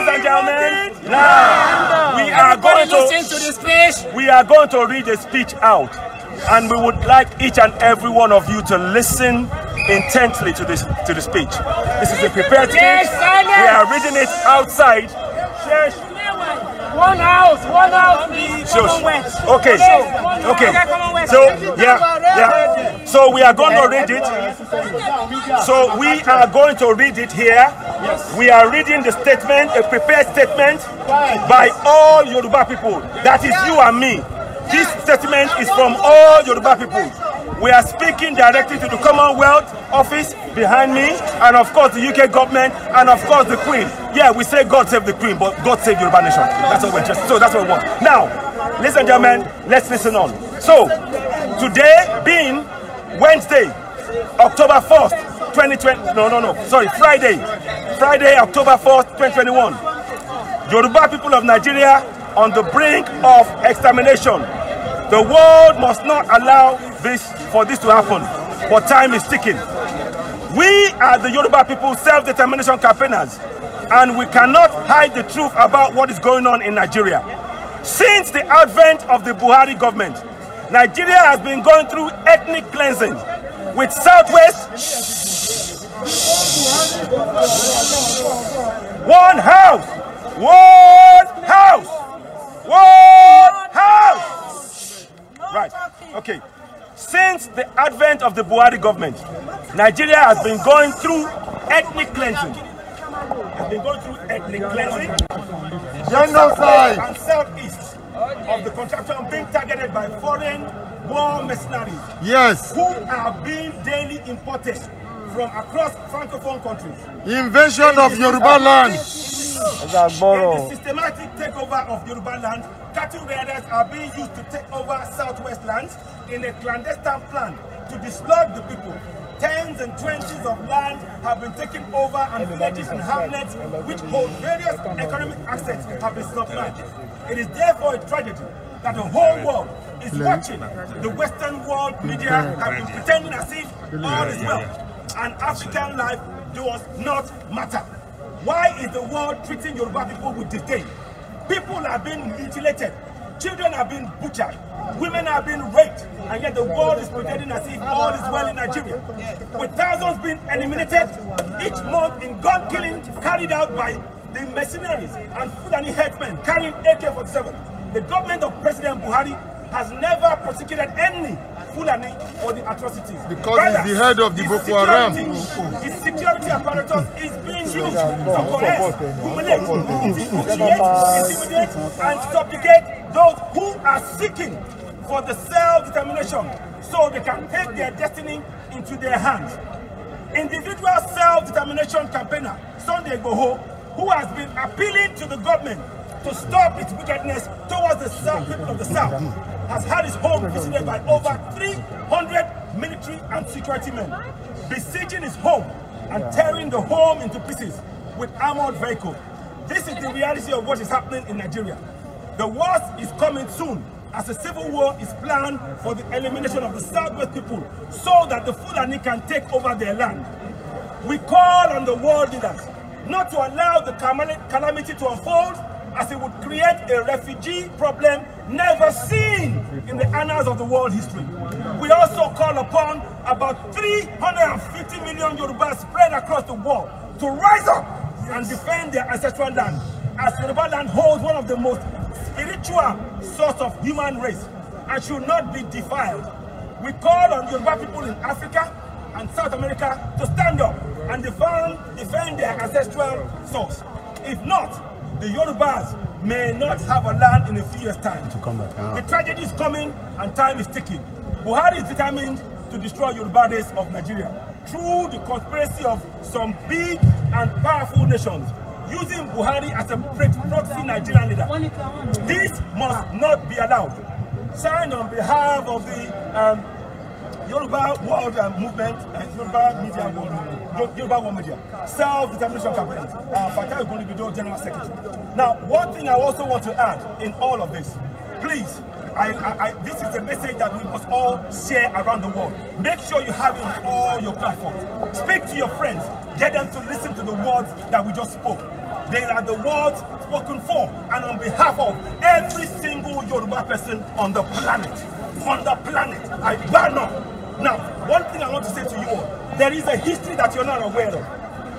Ladies and gentlemen, now we are going to to the speech. We are going to read the speech out, and we would like each and every one of you to listen intently to this to the speech. This is a prepared speech. We are reading it outside. One house, one house, please. Okay, okay. So yeah, yeah. So we are going to read it. So we are going to read it here. We are reading the statement, a prepared statement by all Yoruba people. That is you and me. This statement is from all Yoruba people. We are speaking directly to the Commonwealth Office behind me, and of course the UK government, and of course the Queen. Yeah, we say God save the Queen, but God save Yoruba nation. That's what we're just, so that's what we want. Now, ladies and gentlemen, let's listen on. So, today being Wednesday, October 1st, 2020. No, no, no. Sorry, Friday. Friday, October 4th, 2021. Yoruba people of Nigeria on the brink of extermination. The world must not allow this for this to happen. But time is ticking. We are the Yoruba people self-determination campaigners and we cannot hide the truth about what is going on in Nigeria. Since the advent of the Buhari government, Nigeria has been going through ethnic cleansing with Southwest one house, one house, one house. Right, okay. Since the advent of the Buhari government, Nigeria has been going through ethnic cleansing. Has been going through ethnic cleansing. Genocide. And Southeast. of the contraption being targeted by foreign war mercenaries. Yes. Who are being daily imported from across Francophone countries. Invasion of Yoruba land. And the systematic takeover of Yoruba land, cattle raiders are being used to take over southwest lands in a clandestine plan to dislodge the people. Tens and twenties of land have been taken over and villages and hamlets which hold various economic assets have been supplied. It is therefore a tragedy that the whole world is watching the Western world media have been pretending as if all is well and African life does not matter. Why is the world treating Yoruba people with disdain? People are being mutilated. Children are being butchered. Women are being raped. And yet the world is pretending as if all is well in Nigeria. With thousands being eliminated each month in gun killing carried out by the mercenaries and Fulani headmen carrying AK-47. The government of President Buhari has never prosecuted any Fulani for the atrocities. Because Brothers, he's the head of the Boko Haram. His security apparatus is being used to coerce, humiliate, intimidate, intimidate, and subjugate those who are seeking for the self-determination so they can take their destiny into their hands. Individual self-determination campaigner Sunday Goho who has been appealing to the government to stop its wickedness towards the South, people of the South, has had his home visited by over 300 military and security men, besieging his home and tearing the home into pieces with armored vehicles. This is the reality of what is happening in Nigeria. The worst is coming soon as a civil war is planned for the elimination of the Southwest people so that the Fulani can take over their land. We call on the world leaders not to allow the calamity to unfold as it would create a refugee problem never seen in the annals of the world history. We also call upon about 350 million Yoruba spread across the world to rise up and defend their ancestral land as Yoruba land holds one of the most spiritual source of human race and should not be defiled. We call on Yoruba people in Africa and South America to stand up and defend, defend their ancestral source. If not, the Yorubas may not have a land in a few years' time. To come back, uh. The tragedy is coming and time is ticking. Buhari is determined to destroy Yoruba race of Nigeria through the conspiracy of some big and powerful nations using Buhari as a proxy Nigerian leader. This must not be allowed. Signed on behalf of the um, Yoruba World uh, Movement and uh, Yoruba Media World, Yoruba World Media, Self-Determination Campaign, uh, Fatai Ogonibido, General Secretary. Now, one thing I also want to add in all of this, please, I, I, I, this is a message that we must all share around the world. Make sure you have it on all your platforms. Speak to your friends. Get them to listen to the words that we just spoke. They are the words spoken for and on behalf of every single Yoruba person on the planet. On the planet, I banner Now, one thing I want to say to you all, there is a history that you're not aware of,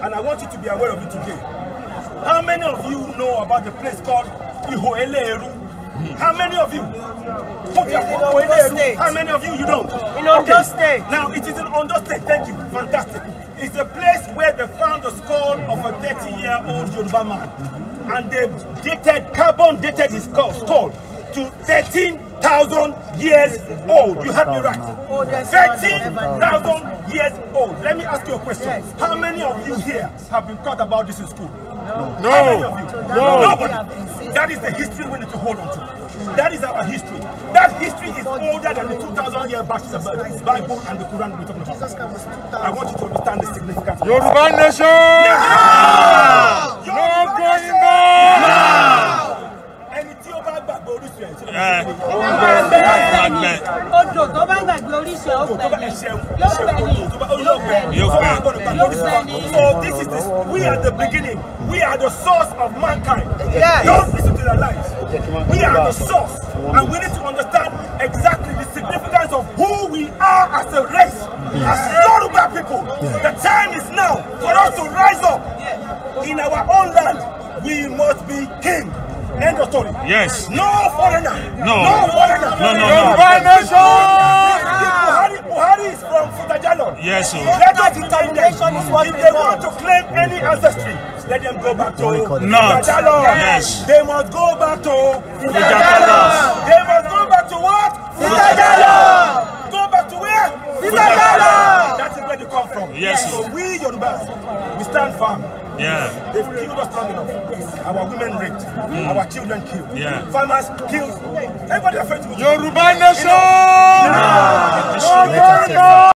and I want you to be aware of it today. How many of you know about the place called Ihoeleru? How many of you? Okay, Ihoeleru. How many of you you don't? In Ondo okay. State. Now, it is in Ondo State, thank you, fantastic. It's a place where they found the skull of a 30-year-old Yoruba man, and they dated, carbon dated his skull, skull to 13 Thousand years old. You had me right. 13,000 years old. Let me ask you a question. How many of you here have been taught about this in school? No. No. No. Nobody. That is the history we need to hold on to. That is our history. That history is older than the 2,000 year Bible and the Quran we're talking about. I want you to understand the significance. Yoruba nation! Yeah. this is this. We are the beginning. We are the source of mankind. Yes. Don't listen to their lies. We are the source. And we need to understand exactly the significance of who we are as a race, as Yoruba people. The time is now for us to rise up. In our own land, we must be king. End of story. Yes. No foreigner. No. No foreigner. No, no, no. no. Yes, sir. Let us determination if they want to claim any ancestry, let them go back to Not. Yes. They must go back to Fujakalos. They must go back to what? Fujakalos. Go back to where? Fujakalos. That is where you come from. Yes. So we Yoruba. we stand firm. Yeah. They killed us long enough. Our women raped. Mm. Our children killed. Yeah. Farmers killed. Everybody affected. Yoruba nation! No. No. No.